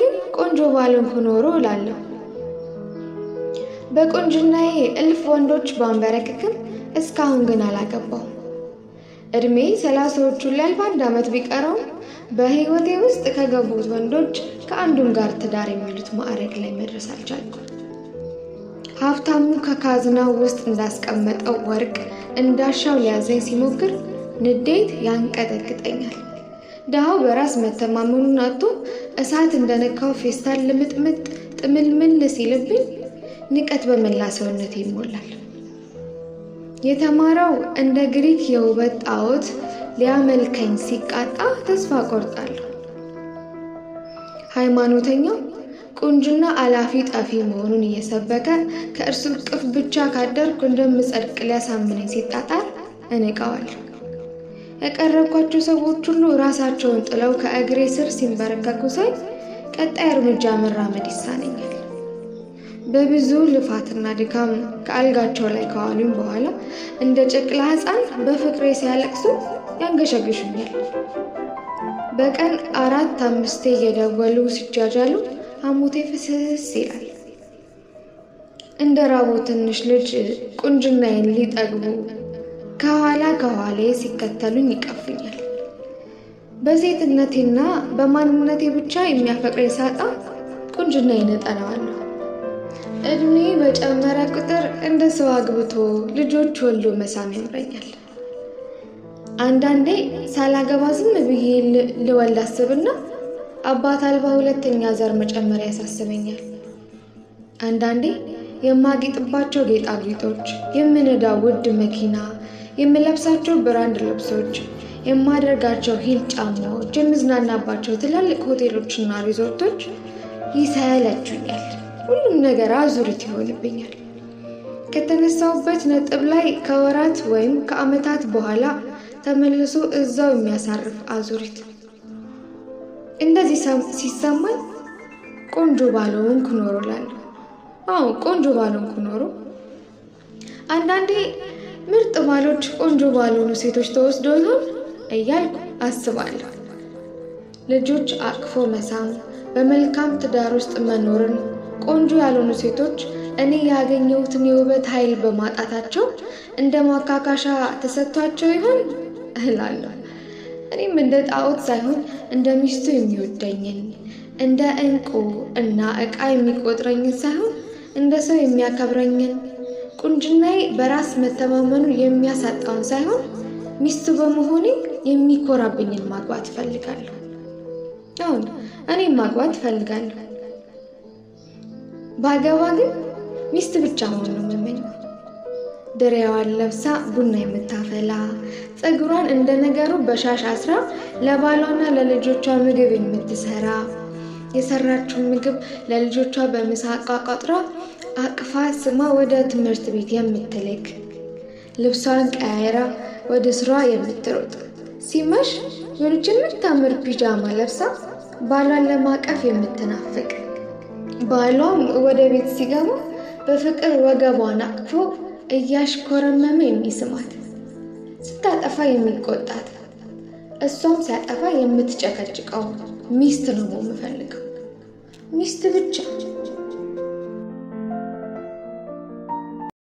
ግን ቆንጆ ባልሆንኩ ኖሮ እላለሁ። በቁንጅናዬ እልፍ ወንዶች ባንበረክክም እስካሁን ግን አላገባው። እድሜ ሰላሳዎቹን ሊያልፍ አንድ ዓመት ቢቀረውም በሕይወቴ ውስጥ ከገቡት ወንዶች ከአንዱም ጋር ትዳር የሚሉት ማዕረግ ላይ መድረስ አልቻልኩም። ሀብታሙ ከካዝናው ውስጥ እንዳስቀመጠው ወርቅ እንዳሻው ሊያዘኝ ሲሞክር ንዴት ያንቀጠቅጠኛል። ድሃው በራስ መተማመኑን አጥቶ እሳት እንደነካው ፌስታል ልምጥምጥ ጥምልምል ሲልብኝ ንቀት በመላ ሰውነት ይሞላል። የተማረው እንደ ግሪክ የውበት ጣዖት ሊያመልከኝ ሲቃጣ ተስፋ ቆርጣለሁ። ሃይማኖተኛው ቁንጅና አላፊ ጠፊ መሆኑን እየሰበከ ከእርሱ እቅፍ ብቻ ካደርኩ እንደምጸድቅ ሊያሳምነኝ ሲጣጣር እንቀዋለሁ። የቀረብኳቸው ሰዎች ሁሉ ራሳቸውን ጥለው ከእግሬ ስር ሲንበረከኩ ሳይ ቀጣይ እርምጃ መራመድ ይሳነኛል። በብዙ ልፋትና ድካም ከአልጋቸው ላይ ከዋሉም በኋላ እንደ ጨቅላ ሕፃን በፍቅሬ ሲያለቅሱ ያንገሸግሹኛል። በቀን አራት አምስቴ እየደወሉ ሲጃጃሉ አሞቴ ፍስስ ይላል። እንደ ራቦ ትንሽ ልጅ ቁንጅናዬን ሊጠግቡ ከኋላ ከኋላ ሲከተሉኝ ይቀፉኛል። በሴትነቴና በማንነቴ ብቻ የሚያፈቅረኝ ሳጣ ቁንጅና ይነጠለዋለሁ። እድሜ በጨመረ ቁጥር እንደ ሰው አግብቶ ልጆች ወልዶ መሳም ያምረኛል። አንዳንዴ ሳላገባ ዝም ብዬ ልወልድ አስብና አባት አልባ ሁለተኛ ዘር መጨመር ያሳስበኛል። አንዳንዴ የማጌጥባቸው ጌጣጌጦች፣ የምነዳው ውድ መኪና፣ የምለብሳቸው ብራንድ ልብሶች፣ የማደርጋቸው ሂል ጫማዎች፣ የምዝናናባቸው ትላልቅ ሆቴሎችና ሪዞርቶች ይሰለቹኛል። ሁሉም ነገር አዙሪት ይሆንብኛል። ከተነሳሁበት ነጥብ ላይ ከወራት ወይም ከዓመታት በኋላ ተመልሶ እዛው የሚያሳርፍ አዙሪት። እንደዚህ ሲሰማኝ ቆንጆ ባልሆንኩ ኖሮ እላለሁ። አዎ ቆንጆ ባልሆንኩ ኖሮ አንዳንዴ ምርጥ ባሎች ቆንጆ ባልሆኑ ሴቶች ተወስዶ ይሆን እያልኩ አስባለሁ። ልጆች አቅፎ መሳም፣ በመልካም ትዳር ውስጥ መኖርን ቆንጆ ያልሆኑ ሴቶች እኔ ያገኘሁትን የውበት ኃይል በማጣታቸው እንደ ማካካሻ ተሰጥቷቸው ይሆን እላለሁ። እኔም እንደ ጣዖት ሳይሆን እንደ ሚስቱ የሚወደኝን እንደ እንቁ እና ዕቃ የሚቆጥረኝን ሳይሆን እንደ ሰው የሚያከብረኝን ቁንጅናዬ በራስ መተማመኑ የሚያሳጣውን ሳይሆን ሚስቱ በመሆኔ የሚኮራብኝን ማግባት እፈልጋለሁ። አሁን እኔ ማግባት እፈልጋለሁ። ባገባ ግን ሚስት ብቻ መሆን ነው የምመኘው። ድሬዋን ለብሳ ቡና የምታፈላ ፀጉሯን እንደ ነገሩ በሻሽ አስራ ለባሏና ለልጆቿ ምግብ የምትሰራ የሰራችውን ምግብ ለልጆቿ በምሳ አቋቋጥራ አቅፋ ስማ ወደ ትምህርት ቤት የምትልክ ልብሷን ቀያይራ ወደ ስሯ የምትሮጥ ሲመሽ የሆነች የምታምር ፒጃማ ለብሳ ባሏን ለማቀፍ የምትናፍቅ ባሏም ወደ ቤት ሲገባ በፍቅር ወገቧን አቅፎ እያሽኮረመመ የሚስማት ስታጠፋ የሚቆጣት እሷም ሲያጠፋ የምትጨቀጭቀው ሚስት ነው የምፈልገው ሚስት ብቻ